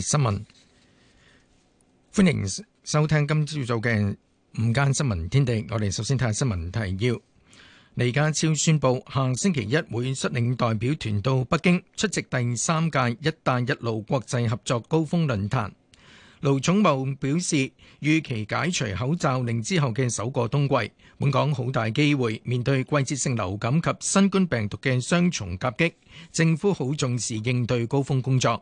新聞歡迎收聽今朝早嘅午間新聞天地。我哋首先睇下新聞提要。李家超宣布下星期一會率領代表團到北京出席第三屆一帶一路國際合作高峰論壇。盧寵茂表示，預期解除口罩令之後嘅首個冬季，本港好大機會面對季節性流感及新冠病毒嘅雙重夾擊。政府好重視應對高峰工作。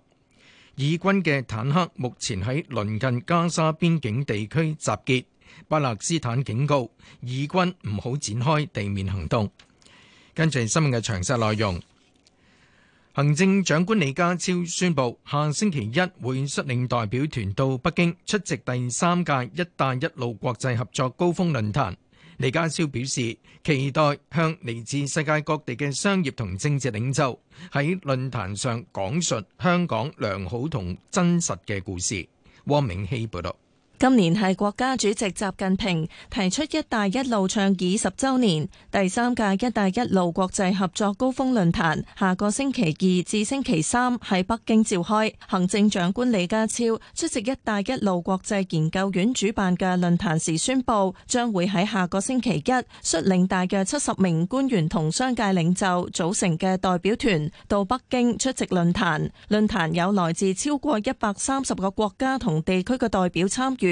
以軍嘅坦克目前喺鄰近加沙邊境地區集結。巴勒斯坦警告，以軍唔好展開地面行動。跟住新聞嘅詳細內容，行政長官李家超宣佈，下星期一會率領代表團到北京出席第三屆「一帶一路」國際合作高峰論壇。李家超表示，期待向嚟自世界各地嘅商業同政治領袖喺論壇上講述香港良好同真實嘅故事。汪明希報道。今年係國家主席習近平提出“一帶一路”倡議十周年，第三屆“一帶一路”國際合作高峰論壇下個星期二至星期三喺北京召開。行政長官李家超出席“一帶一路”國際研究院主辦嘅論壇時宣布，將會喺下個星期一率領大約七十名官員同商界領袖組成嘅代表團到北京出席論壇。論壇有來自超過一百三十個國家同地區嘅代表參與。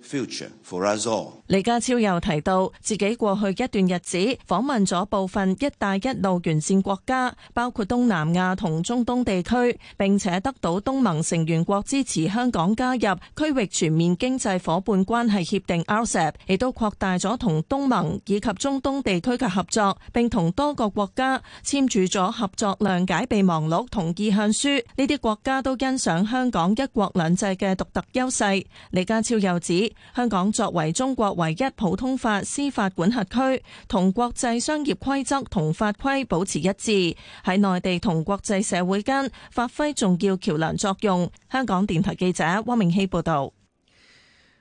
李家超又提到，自己過去一段日子訪問咗部分「一帶一路」完善國家，包括東南亞同中東地區。並且得到東盟成員國支持香港加入區域全面經濟夥伴關係協定 RCEP 亦都擴大咗同東盟以及中東地區嘅合作。並同多個國家簽署咗合作諒解備忘錄同意向書。呢啲國家都欣賞香港一國兩制嘅獨特優勢。李家超又指，香港作為中國唯一普通法司法管轄區，同國際商業規則同法規保持一致，喺內地同國際社會間發揮重要橋梁作用。香港電台記者汪明熙報導。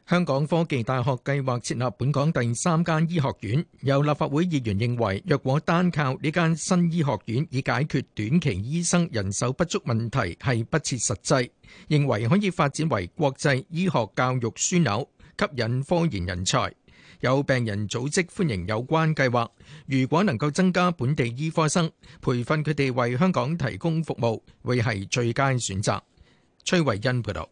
香港科技大學計劃設立本港第三間醫學院，有立法會議員認為，若果單靠呢間新醫學院以解決短期醫生人手不足問題係不切實際，認為可以發展為國際醫學教育樞紐。吸引科研人才，有病人組織歡迎有關計劃。如果能夠增加本地醫科生培訓佢哋，為香港提供服務，會係最佳選擇。崔慧欣報道。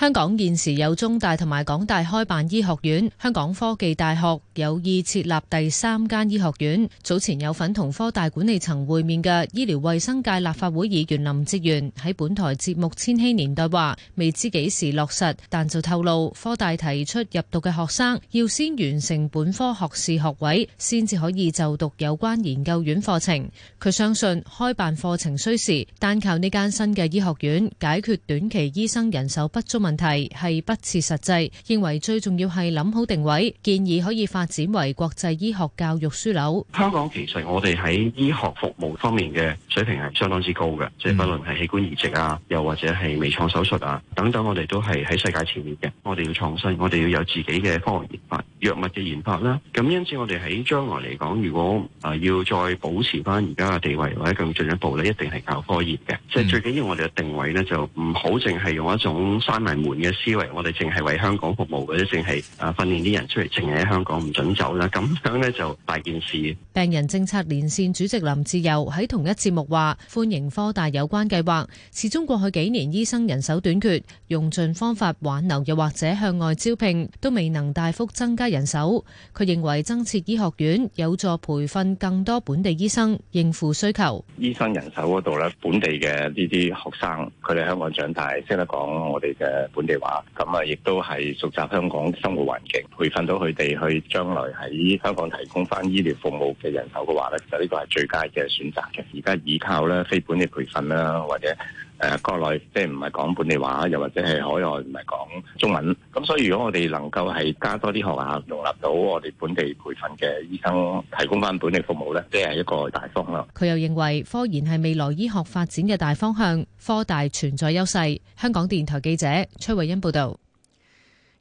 香港現時有中大同埋港大開辦醫學院，香港科技大學有意設立第三間醫學院。早前有份同科大管理層會面嘅醫療衛生界立法會議員林哲玄喺本台節目《千禧年代》話，未知幾時落實，但就透露科大提出入讀嘅學生要先完成本科學士學位，先至可以就讀有關研究院課程。佢相信開辦課程需時，單靠呢間新嘅醫學院解決短期醫生人手不足。問題係不切實際，認為最重要係諗好定位，建議可以發展為國際醫學教育樞紐。香港其實我哋喺醫學服務方面嘅水平係相當之高嘅，即係不論係器官移植啊，又或者係微創手術啊等等，我哋都係喺世界前面嘅。我哋要創新，我哋要有自己嘅科學研發、藥物嘅研發啦。咁因此，我哋喺將來嚟講，如果啊要再保持翻而家嘅地位，或者更進一步咧，一定係靠科研嘅。即係最緊要我哋嘅定位咧，就唔好淨係用一種三人門嘅思維，我哋淨係為香港服務嘅，都淨係啊訓練啲人出嚟，淨係喺香港唔准走啦。咁樣呢就大件事。病人政策連線主席林志釉喺同一節目話，歡迎科大有關計劃。始終過去幾年醫生人手短缺，用盡方法挽留，又或者向外招聘，都未能大幅增加人手。佢認為增設醫學院有助培訓更多本地醫生，應付需求。醫生人手嗰度呢，本地嘅呢啲學生，佢哋香港長大，識得講我哋嘅。本地話，咁啊，亦都係熟習香港生活環境，培訓到佢哋去將來喺香港提供翻醫療服務嘅人手嘅話咧，其實呢個係最佳嘅選擇嘅。而家依靠咧非本地培訓啦，或者。誒國內即係唔係講本地話，又或者係海外唔係講中文咁。所以，如果我哋能夠係加多啲學校，容納到我哋本地培訓嘅醫生，提供翻本地服務呢即係、就是、一個大方向。佢又認為，科研係未來醫學發展嘅大方向，科大存在優勢。香港電台記者崔慧欣報道，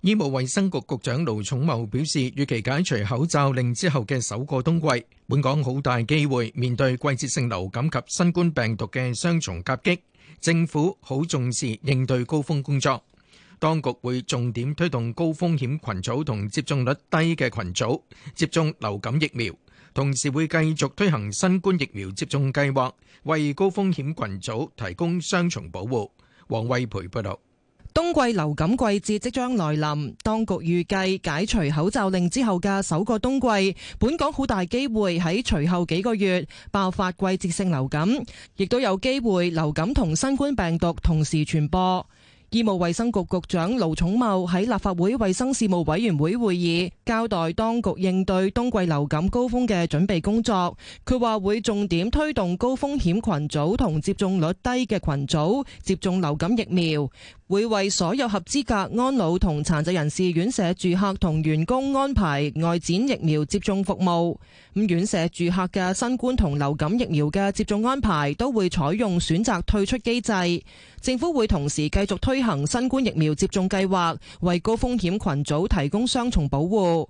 醫務衛生局局長盧寵茂表示，預期解除口罩令之後嘅首個冬季，本港好大機會面對季節性流感及新冠病毒嘅雙重夾擊。政府好重視應對高峰工作，當局會重點推動高風險群組同接種率低嘅群組接種流感疫苗，同時會繼續推行新冠疫苗接種計劃，為高風險群組提供雙重保護。黃惠培報道。冬季流感季節即將來臨，當局預計解，解除口罩令之後嘅首個冬季，本港好大機會喺隨後幾個月爆發季節性流感，亦都有機會流感同新冠病毒同時傳播。醫務衛生局局長盧寵茂喺立法會衞生事務委員會會議交代，當局應對冬季流感高峰嘅準備工作。佢話會重點推動高風險群組同接種率低嘅群組接種流感疫苗。會為所有合資格、安老同殘疾人士、院舍住客同員工安排外展疫苗接種服務。咁院舍住客嘅新冠同流感疫苗嘅接種安排都會採用選擇退出機製。政府會同時繼續推行新冠疫苗接種計劃，為高風險群組提供雙重保護。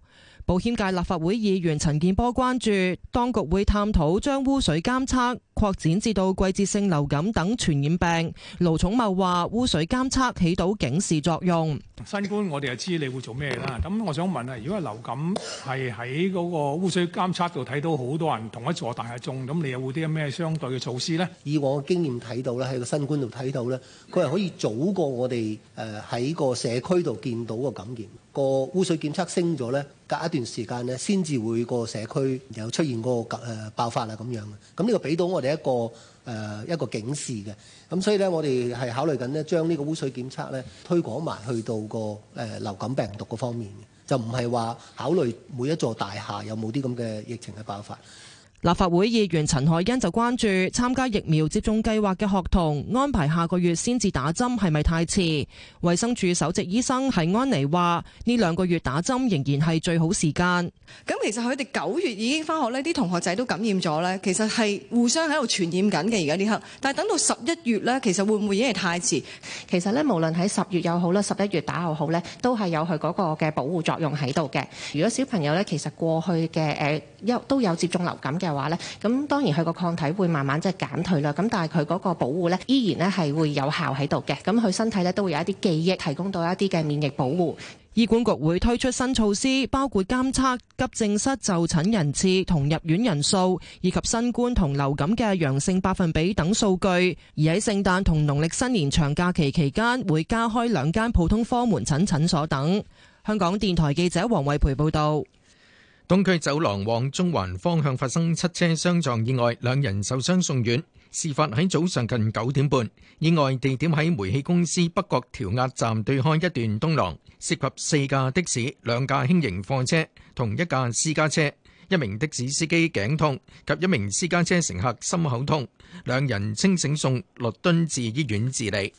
保險界立法會議員陳建波關注當局會探討將污水監測擴展至到季節性流感等傳染病。盧寵茂話：污水監測起到警示作用。新冠，我哋就知你會做咩啦。咁我想問啊，如果流感係喺嗰個污水監測度睇到好多人同一座大廈中，咁你有冇啲咩相對嘅措施呢？以我嘅經驗睇到咧，喺個新冠度睇到咧，佢係可以早過我哋誒喺個社區度見到個感染。個污水檢測升咗呢，隔一段時間呢，先至會個社區有出現個爆發啦咁樣。咁、這、呢個俾到我哋一個誒、呃、一個警示嘅。咁所以呢，我哋係考慮緊呢，將呢個污水檢測呢，推廣埋去到個誒流感病毒嗰方面嘅，就唔係話考慮每一座大廈有冇啲咁嘅疫情嘅爆發。立法會議員陳海欣就關注參加疫苗接種計劃嘅學童安排，下個月先至打針係咪太遲？衛生署首席醫生係安妮話：呢兩個月打針仍然係最好時間。咁其實佢哋九月已經翻學呢啲同學仔都感染咗咧。其實係互相喺度傳染緊嘅。而家呢刻，但係等到十一月咧，其實會唔會已經太遲？其實咧，無論喺十月又好啦，十一月打又好咧，都係有佢嗰個嘅保護作用喺度嘅。如果小朋友咧，其實過去嘅誒有都有接種流感嘅。嘅話咧，咁當然佢個抗體會慢慢即係減退啦。咁但係佢嗰個保護咧，依然咧係會有效喺度嘅。咁佢身體咧都會有一啲記憶，提供到一啲嘅免疫保護。醫管局會推出新措施，包括監測急症室就診人次同入院人數，以及新冠同流感嘅陽性百分比等數據。而喺聖誕同農曆新年長假期期間，會加開兩間普通科門診診所等。香港電台記者黃慧培報道。東區走廊往中環方向發生七車相撞意外，兩人受傷送院。事發喺早上近九點半，意外地點喺煤氣公司北角調壓站對開一段東廊，涉及四架的士、兩架輕型貨車同一架私家車。一名的士司機頸痛及一名私家車乘客心口痛，兩人清醒送律敦治醫院治理。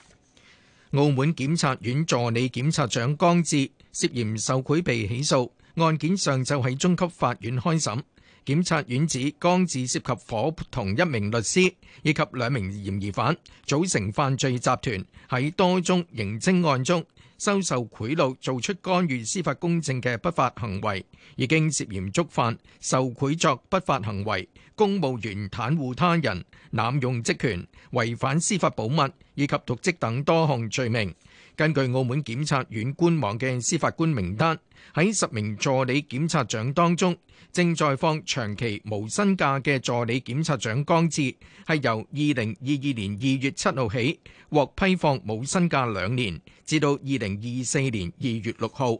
澳門檢察院助理檢察長江志涉嫌受賄被起訴。案件上晝喺中級法院開審，檢察院指江志涉及夥，夥同一名律師以及兩名嫌疑犯組成犯罪集團，喺多宗刑偵案中收受賄賂，做出干預司法公正嘅不法行為，已經涉嫌觸犯受賄、作不法行為、公務員袒護他人、濫用職權、違反司法保密以及瀆職等多項罪名。根據澳門檢察院官網嘅司法官名單，喺十名助理檢察長當中，正在放長期無薪假嘅助理檢察長江志係由二零二二年二月七號起獲批放無薪假兩年，至到二零二四年二月六號。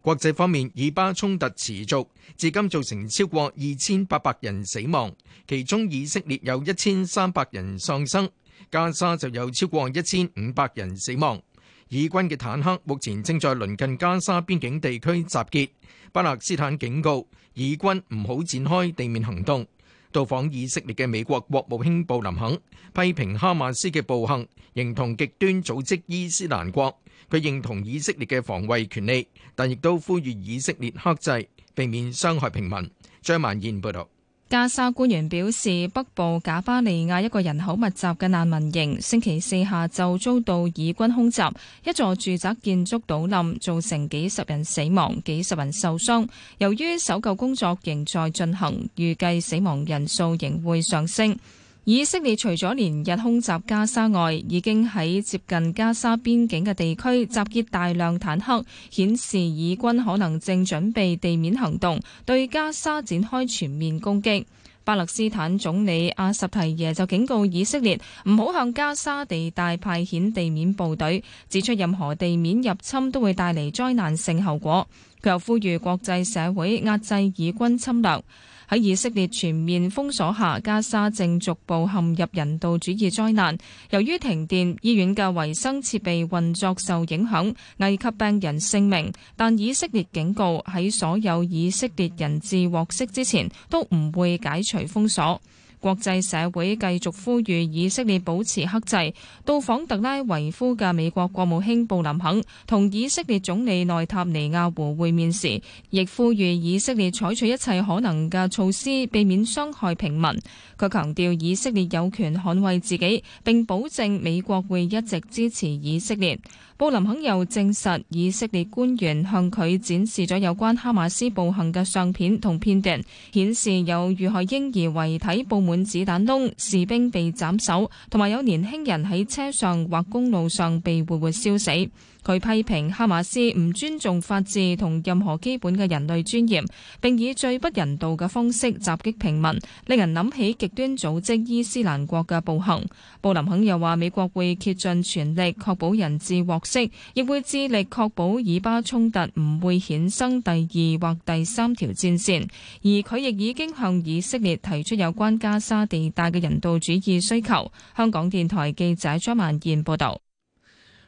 國際方面，以巴衝突持續，至今造成超過二千八百人死亡，其中以色列有一千三百人喪生。加沙就有超過一千五百人死亡。以軍嘅坦克目前正在鄰近加沙邊境地區集結。巴勒斯坦警告以軍唔好展開地面行動。到訪以色列嘅美國國務卿布林肯批評哈馬斯嘅暴行，認同極端組織伊斯蘭國。佢認同以色列嘅防衛權利，但亦都呼籲以色列克制，避免傷害平民。張曼燕報導。加沙官員表示，北部賈巴利亞一個人口密集嘅難民營，星期四下晝遭到以軍空襲，一座住宅建築倒冧，造成幾十人死亡、幾十人受傷。由於搜救工作仍在進行，預計死亡人數仍會上升。以色列除咗連日空襲加沙外，已經喺接近加沙邊境嘅地區集結大量坦克，顯示以軍可能正準備地面行動，對加沙展開全面攻擊。巴勒斯坦總理阿什提耶就警告以色列唔好向加沙地帶派遣地面部隊，指出任何地面入侵都會帶嚟災難性後果。佢又呼籲國際社會壓制以軍侵略。喺以色列全面封鎖下，加沙正逐步陷入人道主義災難。由於停電，醫院嘅衛生設備運作受影響，危及病人性命。但以色列警告，喺所有以色列人質獲釋之前，都唔會解除封鎖。國際社會繼續呼籲以色列保持克制。到訪特拉維夫嘅美國國務卿布林肯同以色列總理內塔尼亞胡會面時，亦呼籲以色列採取一切可能嘅措施，避免傷害平民。佢強調，以色列有權捍衛自己，並保證美國會一直支持以色列。布林肯又證實，以色列官員向佢展示咗有關哈馬斯暴行嘅相片同片段，顯示有遇害嬰兒遺體布滿子彈窿，士兵被斬首，同埋有年輕人喺車上或公路上被活活燒死。佢批評哈馬斯唔尊重法治同任何基本嘅人類尊嚴，並以最不人道嘅方式襲擊平民，令人諗起極端組織伊斯蘭國嘅暴行。布林肯又話：美國會竭盡全力確保人質獲釋，亦會致力確保以巴衝突唔會衍生第二或第三條戰線。而佢亦已經向以色列提出有關加沙地帶嘅人道主義需求。香港電台記者張曼燕報導。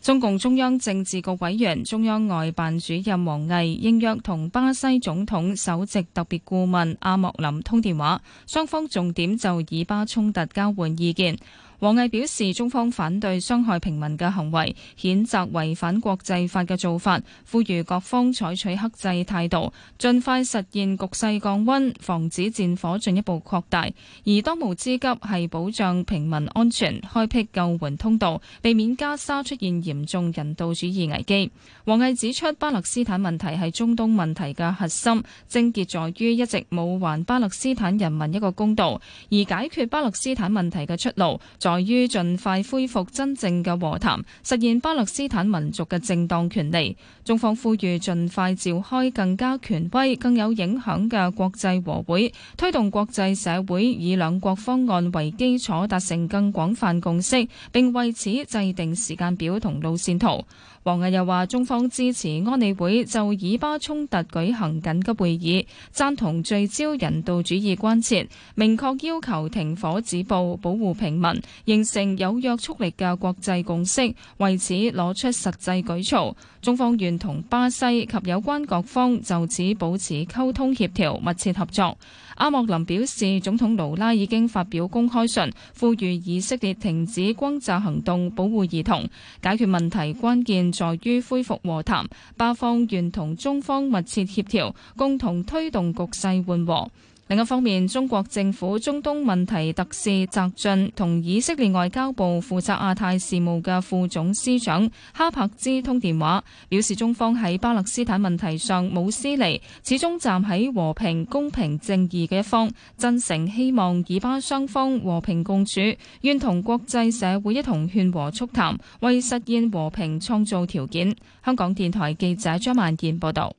中共中央政治局委員、中央外辦主任王毅應約同巴西總統首席特別顧問阿莫林通電話，雙方重點就以巴衝突交換意見。王毅表示，中方反對傷害平民嘅行為，譴責違反國際法嘅做法，呼籲各方採取克制態度，盡快實現局勢降温，防止戰火進一步擴大。而當務之急係保障平民安全，開闢救援通道，避免加沙出現嚴重人道主義危機。王毅指出，巴勒斯坦問題係中東問題嘅核心，症結在於一直冇還巴勒斯坦人民一個公道，而解決巴勒斯坦問題嘅出路在於盡快恢復真正嘅和談，實現巴勒斯坦民族嘅正當權利。中方呼籲盡快召開更加權威、更有影響嘅國際和會，推動國際社會以兩國方案為基礎達成更廣泛共識，並為此制定時間表同路線圖。王毅又話：中方支持安理會就以巴衝突舉行緊急會議，贊同聚焦人道主義關切，明確要求停火止暴、保護平民，形成有約束力嘅國際共識，為此攞出實際舉措。中方願同巴西及有關各方就此保持溝通協調，密切合作。阿莫林表示，總統盧拉已經發表公開信，呼籲以色列停止轟炸行動，保護兒童。解決問題關鍵在於恢復和談，巴方願同中方密切協調，共同推動局勢緩和。另一方面，中國政府中東問題特使翟俊同以色列外交部負責亞太事務嘅副總司長哈柏茲通電話，表示中方喺巴勒斯坦問題上冇私利，始終站喺和平、公平、正義嘅一方，真誠希望以巴雙方和平共處，願同國際社會一同勸和促談，為實現和平創造條件。香港電台記者張萬健報導。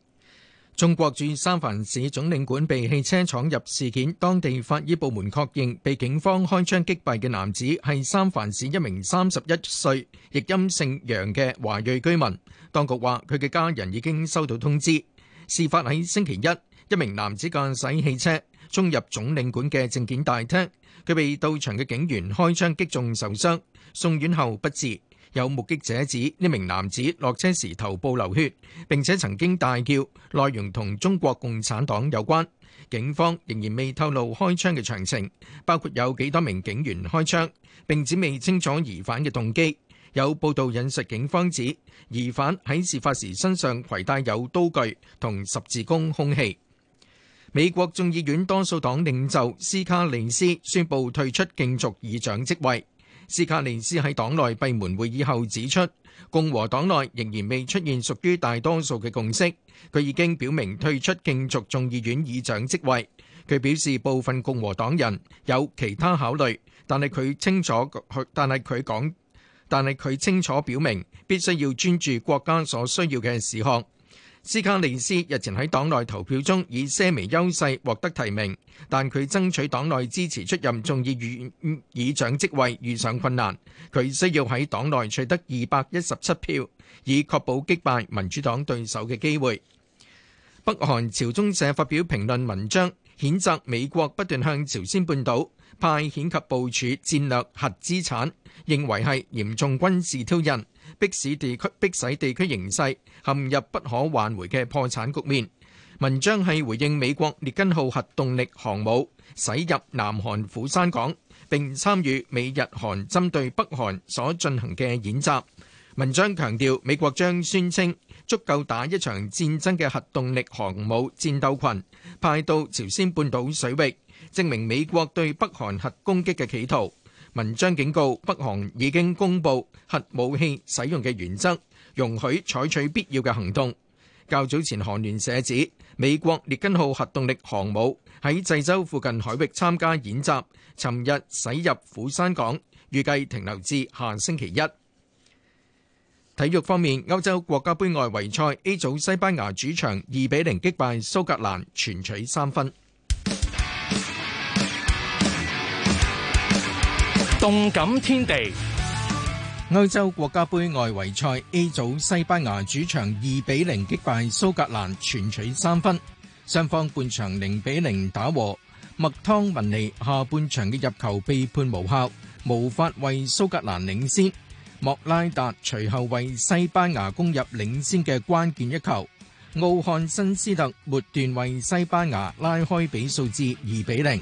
中國駐三藩市總領館被汽車闖入事件，當地法醫部門確認被警方開槍擊斃嘅男子係三藩市一名三十一歲，譯音姓楊嘅華裔居民。當局話佢嘅家人已經收到通知。事發喺星期一，一名男子駕駛汽車衝入總領館嘅證件大廳，佢被到場嘅警員開槍擊中受傷，送院後不治。有目擊者指呢名男子落車時頭部流血，並且曾經大叫，內容同中國共產黨有關。警方仍然未透露開槍嘅詳情，包括有幾多名警員開槍，並指未清楚疑犯嘅動機。有報道引述警方指，疑犯喺事發時身上攜帶有刀具同十字弓凶器。美國眾議院多數黨領袖斯卡利斯宣布退出競逐議長職位。斯卡利斯喺黨內閉門會議後指出，共和黨內仍然未出現屬於大多數嘅共識。佢已經表明退出競逐眾議院議長職位。佢表示部分共和黨人有其他考慮，但係佢清楚，但係佢講，但係佢清楚表明，必須要專注國家所需要嘅事項。斯卡利斯日前喺黨內投票中以些微優勢獲得提名，但佢爭取黨內支持出任眾議院議長職位遇上困難，佢需要喺黨內取得二百一十七票，以確保擊敗民主黨對手嘅機會。北韓朝中社發表評論文章，譴責美國不斷向朝鮮半島派遣及部署戰略核資產，認為係嚴重軍事挑釁。迫使地區，迫使地區形勢陷入不可挽回嘅破產局面。文章係回應美國列根號核動力航母駛入南韓釜山港，並參與美日韓針對北韓所進行嘅演習。文章強調美國將宣稱足夠打一場戰爭嘅核動力航母戰鬥群派到朝鮮半島水域，證明美國對北韓核攻擊嘅企圖。文章警告，北韓已經公布核武器使用嘅原則，容許採取必要嘅行動。較早前韓聯社指，美國列根號核動力航母喺濟州附近海域參加演習，尋日駛入釜山港，預計停留至下星期一。體育方面，歐洲國家杯外圍賽 A 組，西班牙主場2比0擊敗蘇格蘭，全取三分。動感天地，歐洲國家盃外圍賽 A 組，西班牙主場二比零擊敗蘇格蘭，全取三分。雙方半場零比零打和，麥湯文尼下半場嘅入球被判無效，無法為蘇格蘭領先。莫拉達隨後為西班牙攻入領先嘅關鍵一球，奧漢森斯特末段為西班牙拉開比數至二比零。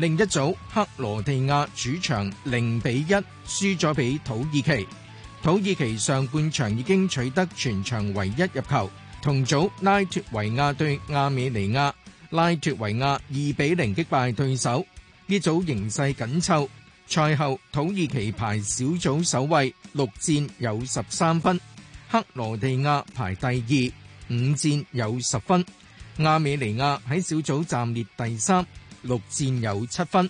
另一組克羅地亞主場零比一輸咗俾土耳其，土耳其上半場已經取得全場唯一入球。同組拉脫維亞對亞美尼亞，拉脫維亞二比零擊敗對手。呢組形勢緊湊，賽後土耳其排小組首位，六戰有十三分；克羅地亞排第二，五戰有十分；亞美尼亞喺小組暫列第三。六戰有七分。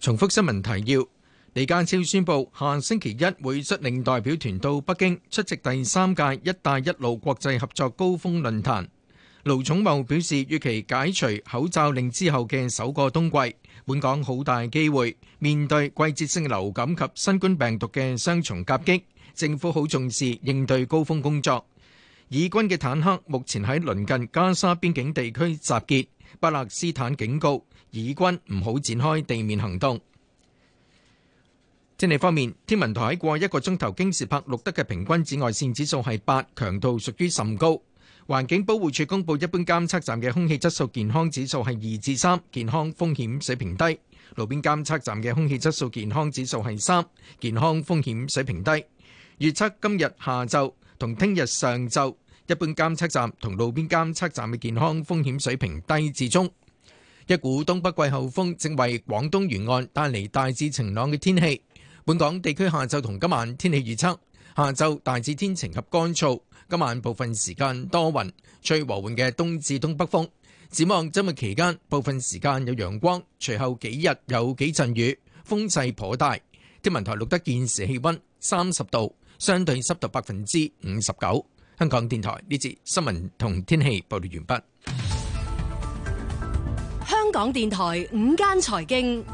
重複新聞提要：李家超宣布下星期一會率領代表團到北京出席第三屆「一帶一路」國際合作高峯論壇。盧寵茂表示，預期解除口罩令之後嘅首個冬季，本港好大機會面對季節性流感及新冠病毒嘅雙重夾擊，政府好重視應對高峯工作。以軍嘅坦克目前喺鄰近加沙邊境地區集結。巴勒斯坦警告，以軍唔好展開地面行動。天氣方面，天文台喺過去一個鐘頭京士柏錄得嘅平均紫外線指數係八，強度屬於甚高。環境保護署公布，一般監測站嘅空氣質素健康指數係二至三，健康風險水平低。路邊監測站嘅空氣質素健康指數係三，健康風險水平低。預測今日下晝，同聽日上晝，一般監測站同路邊監測站嘅健康風險水平低至中。一股東北季候風正為廣東沿岸帶嚟大致晴朗嘅天氣。本港地區下晝同今晚天氣預測：下晝大致天晴及乾燥，今晚部分時間多雲，吹和緩嘅東至東北風。展望周末期間，部分時間有陽光，隨後幾日有幾陣雨，風勢頗大。天文台錄得現時氣温三十度。相對濕度百分之五十九。香港電台呢節新聞同天氣報道完畢。香港電台午間財經，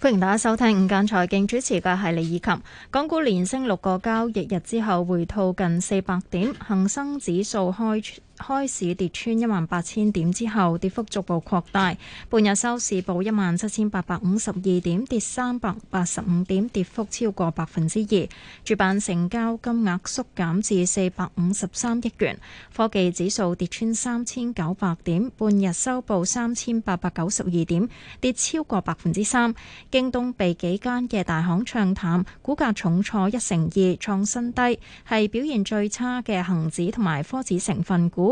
歡迎大家收聽午間財經，主持嘅係李以琴。港股連升六個交易日之後，回吐近四百點，恒生指數開。開市跌穿一萬八千點之後，跌幅逐步擴大。半日收市報一萬七千八百五十二點，跌三百八十五點，跌幅超過百分之二。主板成交金額縮減至四百五十三億元。科技指數跌穿三千九百點，半日收報三千八百九十二點，跌超過百分之三。京東被幾間嘅大行唱淡，股價重挫一成二，創新低，係表現最差嘅恒指同埋科指成分股。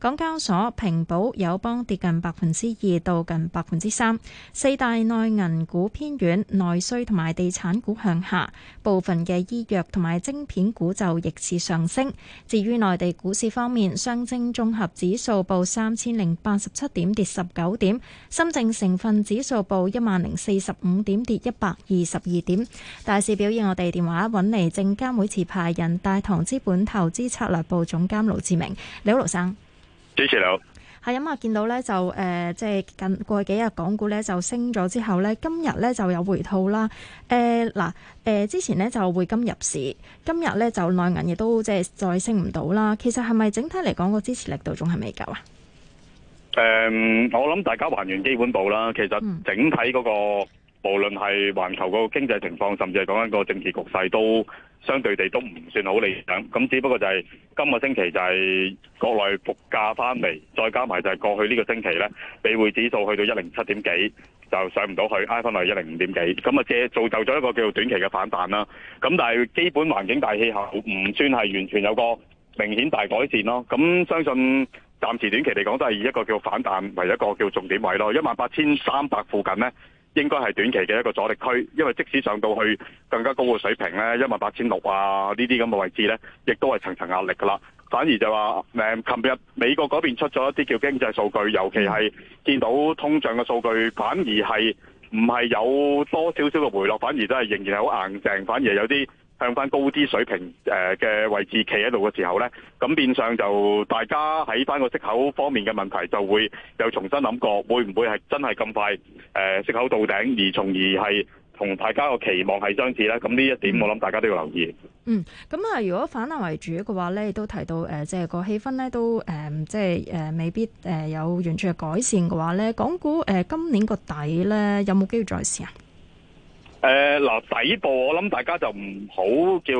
港交所、平保、友邦跌近百分之二到近百分之三，四大內銀股偏軟，內需同埋地產股向下，部分嘅醫藥同埋晶片股就逆市上升。至於內地股市方面，上證綜合指數報三千零八十七點跌十九點，深證成分指數報一萬零四十五點跌一百二十二點。大市表現，我哋電話揾嚟證監會持牌人大唐資本投資策略部總監盧志明。你好，盧生。主持你好，係咁啊！見、嗯、到咧就誒、呃，即係近過幾日港股咧就升咗之後咧，今日咧就有回吐啦。誒、呃、嗱，誒、呃、之前咧就匯金入市，今日咧就內銀亦都即係再升唔到啦。其實係咪整體嚟講、那個支持力度仲係未夠啊？誒、嗯，我諗大家還原基本步啦，其實整體嗰、那個。嗯無論係環球個經濟情況，甚至係講緊個政治局勢，都相對地都唔算好理想。咁只不過就係、是、今個星期就係國內扶價翻嚟，再加埋就係過去呢個星期呢，美匯指數去到一零七點幾就上唔到去，挨返去一零五點幾，咁啊，借造就咗一個叫短期嘅反彈啦。咁但係基本環境大氣候唔算係完全有個明顯大改善咯。咁相信暫時短期嚟講都係以一個叫反彈為一個叫重點位咯，一萬八千三百附近呢。應該係短期嘅一個阻力區，因為即使上到去更加高嘅水平咧，一萬八千六啊呢啲咁嘅位置咧，亦都係層層壓力㗎喇。反而就話誒，琴日美國嗰邊出咗一啲叫經濟數據，尤其係見到通脹嘅數據，反而係唔係有多少少嘅回落，反而都係仍然係好硬淨，反而有啲。向翻高啲水平誒嘅位置企喺度嘅時候咧，咁變相就大家喺翻個息口方面嘅問題就會又重新諗過，會唔會係真係咁快誒息口到頂，而從而係同大家個期望係相似咧？咁呢一點我諗大家都要留意。嗯，咁啊，如果反彈為主嘅話咧，亦都提到誒，即、呃、係、即係、個氣氛咧都誒，即係誒未必誒有完全改善嘅話咧，港股誒、呃、今年個底咧有冇機會再試啊？誒，嗱、呃、底部我諗大家就唔好叫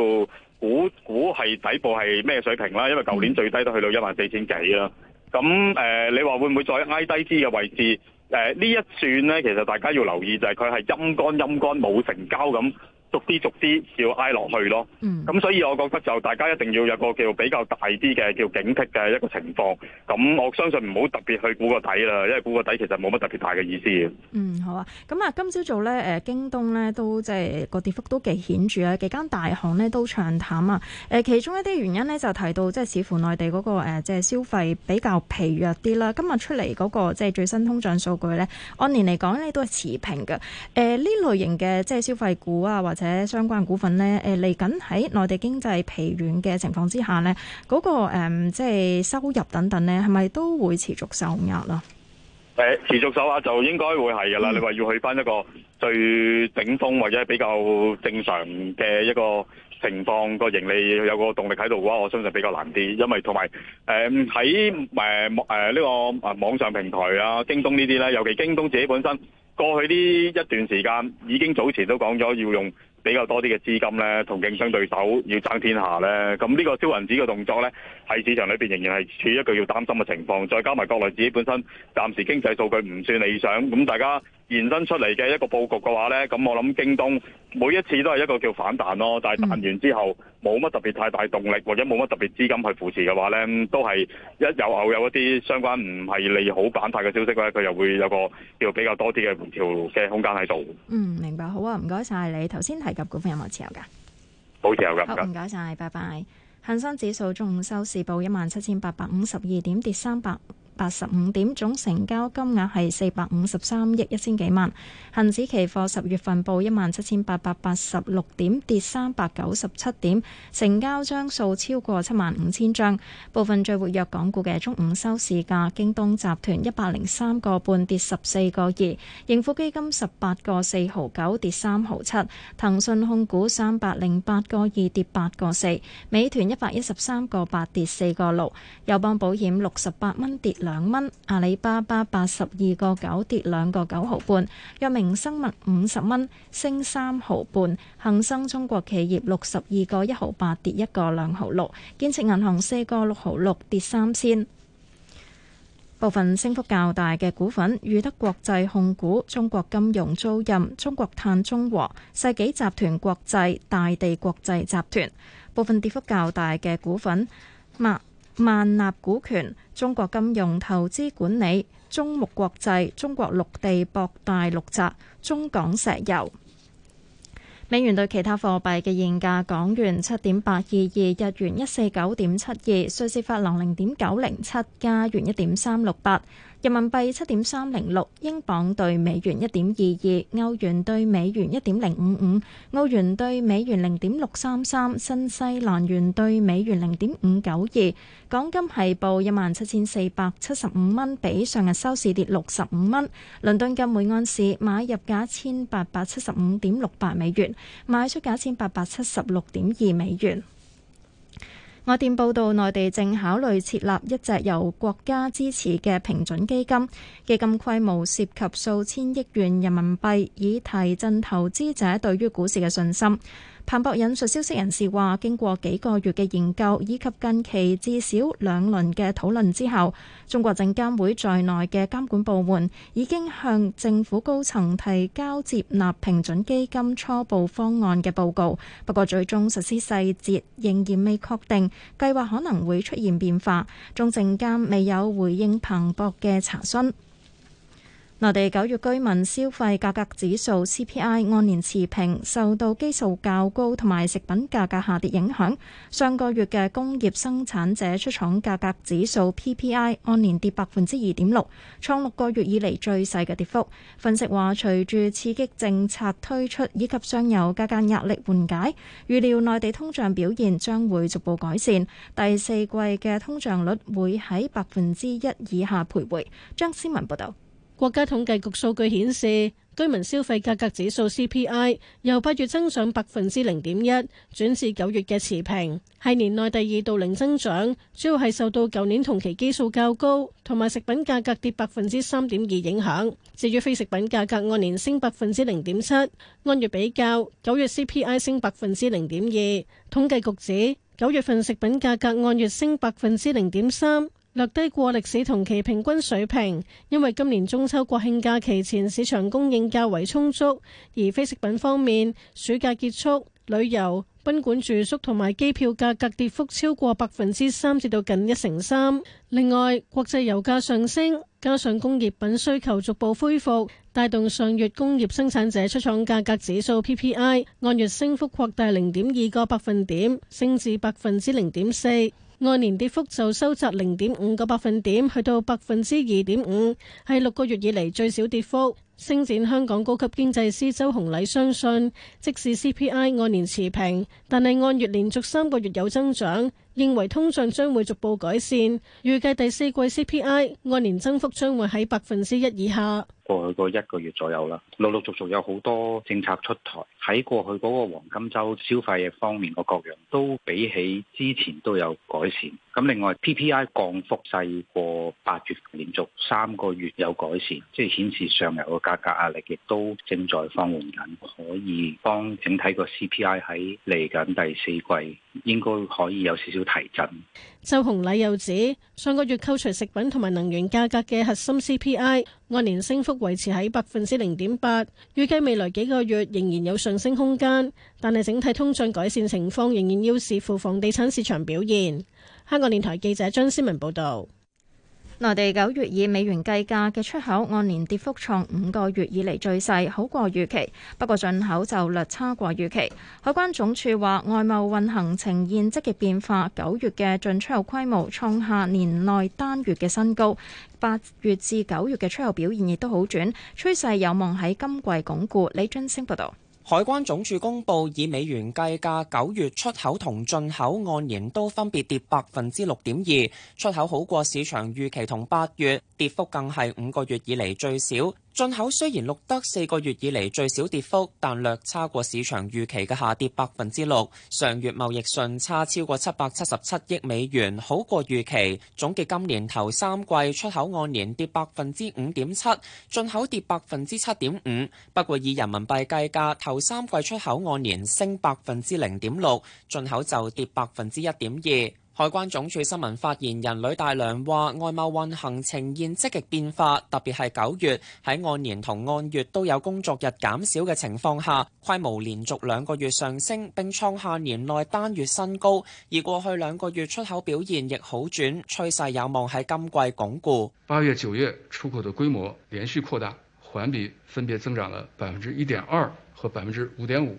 估估係底部係咩水平啦，因為舊年最低都去到一萬四千幾啦。咁誒、呃，你話會唔會再挨低啲嘅位置？誒、呃，呢一串呢，其實大家要留意就係佢係陰乾陰乾冇成交咁。逐啲逐啲要挨落去咯，咁、嗯嗯、所以我覺得就大家一定要有個叫比較大啲嘅叫警惕嘅一個情況。咁我相信唔好特別去估個底啦，因為估個底其實冇乜特別大嘅意思。嗯，好啊。咁、嗯、啊，今朝早咧，誒，京東咧都即係個跌幅都幾顯著啊，幾間大行咧都唱淡啊。誒，其中一啲原因咧就提到即係似乎內地嗰、那個即係、呃、消費比較疲弱啲啦。今日出嚟嗰個即係最新通脹數據咧，按年嚟講咧都係持平嘅。誒、呃，呢類型嘅即係消費股啊，或且相關股份咧，誒嚟緊喺內地經濟疲軟嘅情況之下咧，嗰個誒即係收入等等咧，係咪都會持續受壓咯？誒持續受壓就應該會係噶啦。嗯、你話要去返一個最頂峰或者係比較正常嘅一個情況，個盈利有個動力喺度嘅話，我相信比較難啲，因為同埋誒喺誒誒呢個誒網上平台啊、京東呢啲咧，尤其京東自己本身過去呢一段時間已經早前都講咗要用。比較多啲嘅資金咧，同競爭對手要爭天下咧，咁呢個燒銀紙嘅動作咧。喺市場裏邊仍然係處於一個要擔心嘅情況，再加埋國內自己本身暫時經濟數據唔算理想，咁大家延伸出嚟嘅一個佈局嘅話呢，咁我諗京東每一次都係一個叫反彈咯，但係彈完之後冇乜特別太大動力或者冇乜特別資金去扶持嘅話呢，都係一有偶有一啲相關唔係利好板塊嘅消息咧，佢又會有個叫比較多啲嘅回調嘅空間喺度。嗯，明白，好啊，唔該晒你。頭先提及股份有冇持有噶？冇持有噶。好，唔該晒，謝謝拜拜。恒生指數中午收市報一萬七千八百五十二點，跌三百八十五點，總成交金額係四百五十三億一千幾萬。恒指期貨十月份報一萬七千八百八十六點，跌三百九十七點，成交張數超過七萬五千張。部分最活躍港股嘅中午收市價：京東集團一百零三個半跌十四個二，盈富基金十八個四毫九跌三毫七，騰訊控股三百零八個二跌八個四，美團一百一十三個八跌四個六，友邦保險六十八蚊跌兩蚊，阿里巴巴八十二個九跌兩個九毫半，藥明生物五十蚊升三毫半，恒生中國企業六十二個一毫八跌一個兩毫六，建設銀行四個六毫六跌三仙。部分升幅較大嘅股份：裕德國際控股、中國金融租賃、中國碳中和、世紀集團國際、大地國際集團。部分跌幅較大嘅股份：萬納股權、中國金融投資管理、中木國際、中國綠地博大綠澤、中港石油。美元兌其他貨幣嘅現價：港元七點八二二，日元一四九點七二，瑞士法郎零點九零七，加元一點三六八。人民幣七點三零六，英鎊對美元一點二二，歐元對美元一點零五五，澳元對美元零點六三三，新西蘭元對美元零點五九二。港金係報一萬七千四百七十五蚊，比上日收市跌六十五蚊。倫敦嘅每安士買入價一千八百七十五點六八美元，賣出價一千八百七十六點二美元。外電報道，內地正考慮設立一隻由國家支持嘅平準基金，基金規模涉及數千億元人民幣，以提振投資者對於股市嘅信心。彭博引述消息人士話，經過幾個月嘅研究以及近期至少兩輪嘅討論之後，中國證監會在內嘅監管部門已經向政府高層提交接納平準基金初步方案嘅報告。不過，最終實施細節仍然未確定，計劃可能會出現變化。中證監未有回應彭博嘅查詢。內地九月居民消費價格指數 CPI 按年持平，受到基數較高同埋食品價格下跌影響。上個月嘅工業生產者出廠價格指數 PPI 按年跌百分之二點六，創六個月以嚟最細嘅跌幅。分析話，隨住刺激政策推出以及上游價格壓力緩解，預料內地通脹表現將會逐步改善，第四季嘅通脹率會喺百分之一以下徘徊。張思文報道。國家統計局數據顯示，居民消費價格指數 CPI 由八月增長百分之零點一，轉至九月嘅持平，係年內第二度零增長，主要係受到舊年同期基數較高，同埋食品價格跌百分之三點二影響。至於非食品價格按年升百分之零點七，按月比較，九月 CPI 升百分之零點二。統計局指九月份食品價格按月升百分之零點三。略低過歷史同期平均水平，因為今年中秋、國慶假期前市場供應較為充足；而非食品方面，暑假結束，旅遊、賓館住宿同埋機票價格跌幅超過百分之三，至到近一成三。另外，國際油價上升，加上工業品需求逐步恢復，帶動上月工業生產者出廠價格指數 （PPI） 按月升幅擴大零點二個百分點，升至百分之零點四。按年跌幅就收窄零點五個百分點，去到百分之二點五，係六個月以嚟最少跌幅。星展香港高級經濟師周洪禮相信，即使 CPI 按年持平，但係按月連續三個月有增長，認為通脹將會逐步改善。預計第四季 CPI 按年增幅將會喺百分之一以下。過去個一個月左右啦，陸陸續續有好多政策出台。喺過去嗰個黃金周，消費方面個各樣都比起之前都有改善。咁另外 PPI 降幅細過八月，連續三個月有改善，即係顯示上游個價格壓力亦都正在放緩緊，可以幫整體個 CPI 喺嚟緊第四季應該可以有少少提振。周洪禮又指，上個月扣除食品同埋能源價格嘅核心 CPI 按年升幅維持喺百分之零點八，預計未來幾個月仍然有上升空間，但係整體通脹改善情況仍然要視乎房地產市場表現。香港電台記者張思文報道。內地九月以美元計價嘅出口按年跌幅創五個月以嚟最細，好過預期。不過進口就略差過預期。海關總署話，外貿運行呈現積極變化，九月嘅進出口規模創下年內單月嘅新高。八月至九月嘅出口表現亦都好轉，趨勢有望喺今季鞏固。李津升報道。海關總署公布以美元計價，九月出口同進口按年都分別跌百分之六點二，出口好過市場預期，同八月跌幅更係五個月以嚟最少。進口雖然錄得四個月以嚟最少跌幅，但略差過市場預期嘅下跌百分之六。上月貿易順差超過七百七十七億美元，好過預期。總結今年頭三季出口按年跌百分之五點七，進口跌百分之七點五。不過以人民幣計價，頭三季出口按年升百分之零點六，進口就跌百分之一點二。海關總署新聞發言人呂大良話：外貿運行呈現積極變化，特別係九月，喺按年同按月都有工作日減少嘅情況下，規模連續兩個月上升，並創下年內單月新高。而過去兩個月出口表現亦好轉，趨勢有望喺今季鞏固。八月、九月出口的規模連續擴大，環比分別增長了百分之一點二和百分之五點五。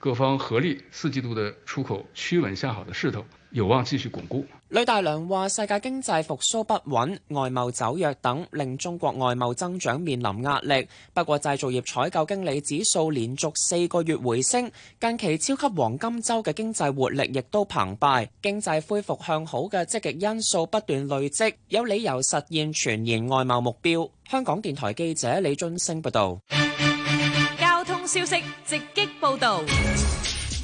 各方合力，四季度的出口趨穩向好的勢頭有望繼續鞏固。呂大良話：世界經濟復蘇不穩，外貿走弱等令中國外貿增長面臨壓力。不過，製造業採購經理指數連續四個月回升，近期超級黃金周嘅經濟活力亦都澎湃，經濟恢復向好嘅積極因素不斷累積，有理由實現全年外貿目標。香港電台記者李津升報道。消息直擊報道，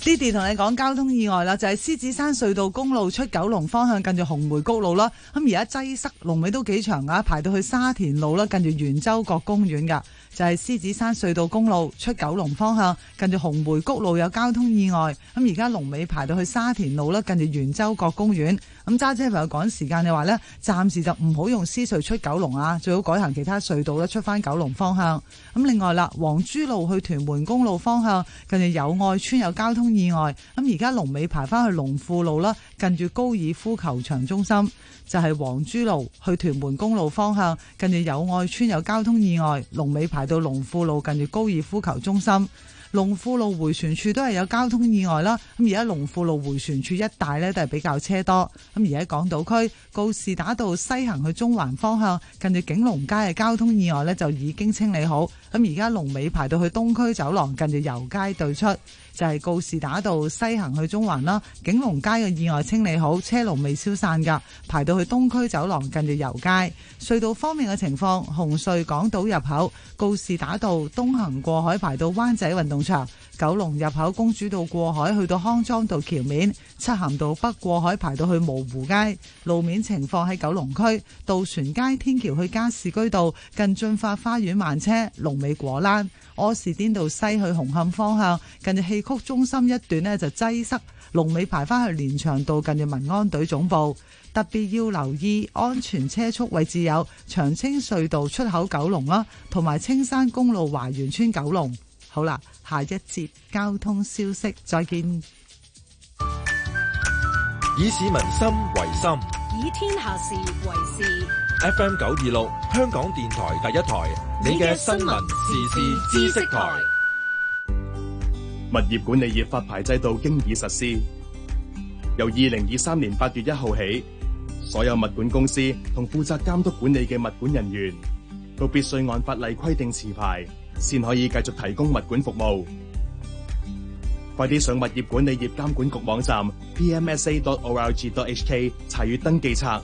爹哋同你講交通意外啦，就係、是、獅子山隧道公路出九龍方向，近住紅梅谷路啦。咁而家擠塞，龍尾都幾長啊，排到去沙田路啦，近住圓洲角公園噶。就係獅子山隧道公路出九龍方向，近住紅梅谷路，路有交通意外。咁而家龍尾排到去沙田路啦，近住圓洲角公園。咁揸車朋友趕時間嘅話呢，暫時就唔好用獅隧出九龍啊，最好改行其他隧道咧，出翻九龍方向。咁另外啦，黃珠路去屯門公路方向，近住友愛村有交通意外。咁而家龍尾排翻去龍富路啦，近住高爾夫球場中心。就係黃珠路去屯門公路方向，近住友愛村有交通意外，龍尾排到龍富路，近住高爾夫球中心，龍富路迴旋處都係有交通意外啦。咁而家龍富路迴旋處一帶呢，都係比較車多。咁而喺港島區告士打道西行去中環方向，近住景隆街嘅交通意外呢，就已經清理好。咁而家龍尾排到去東區走廊，近住油街對出。就係告士打道西行去中環啦，景隆街嘅意外清理好，車龍未消散㗎，排到去東區走廊近住油街。隧道方面嘅情況，紅隧港島入口告士打道東行過海排到灣仔運動場，九龍入口公主道過海去到康莊道橋面，漆咸道北過海排到去蕪湖街。路面情況喺九龍區渡船街天橋去加士居道近駿發花園慢車，龍尾果欄。柯士甸道西去紅磡方向，近住戲曲中心一段呢，就擠塞，龍尾排翻去連翔道近住民安隊總部。特別要留意安全車速位置有長青隧道出口九龍啦，同埋青山公路華源村九龍。好啦，下一節交通消息，再見。以市民心為心，以天下事為事。FM 九二六，香港電台第一台，你嘅新聞時事知識台。物業管理業發牌制度經已實施，由二零二三年八月一號起，所有物管公司同負責監督管理嘅物管人員，都必須按法例規定持牌，先可以繼續提供物管服務。快啲上物業管理業監管局網站 pmsa.org.hk 查閱登記冊。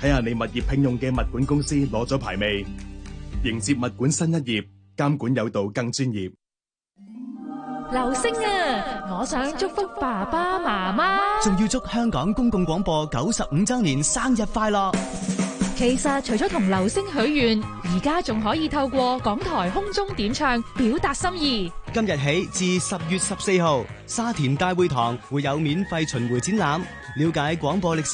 睇下你物業聘用嘅物管公司攞咗牌未？迎接物管新一頁，監管有道更專業。流星啊，我想祝福爸爸媽媽，仲要祝香港公共廣播九十五周年生日快樂。其實除咗同流星許願，而家仲可以透過港台空中點唱表達心意。今日起至十月十四號，沙田大會堂會有免費巡迴展覽，了解廣播歷史。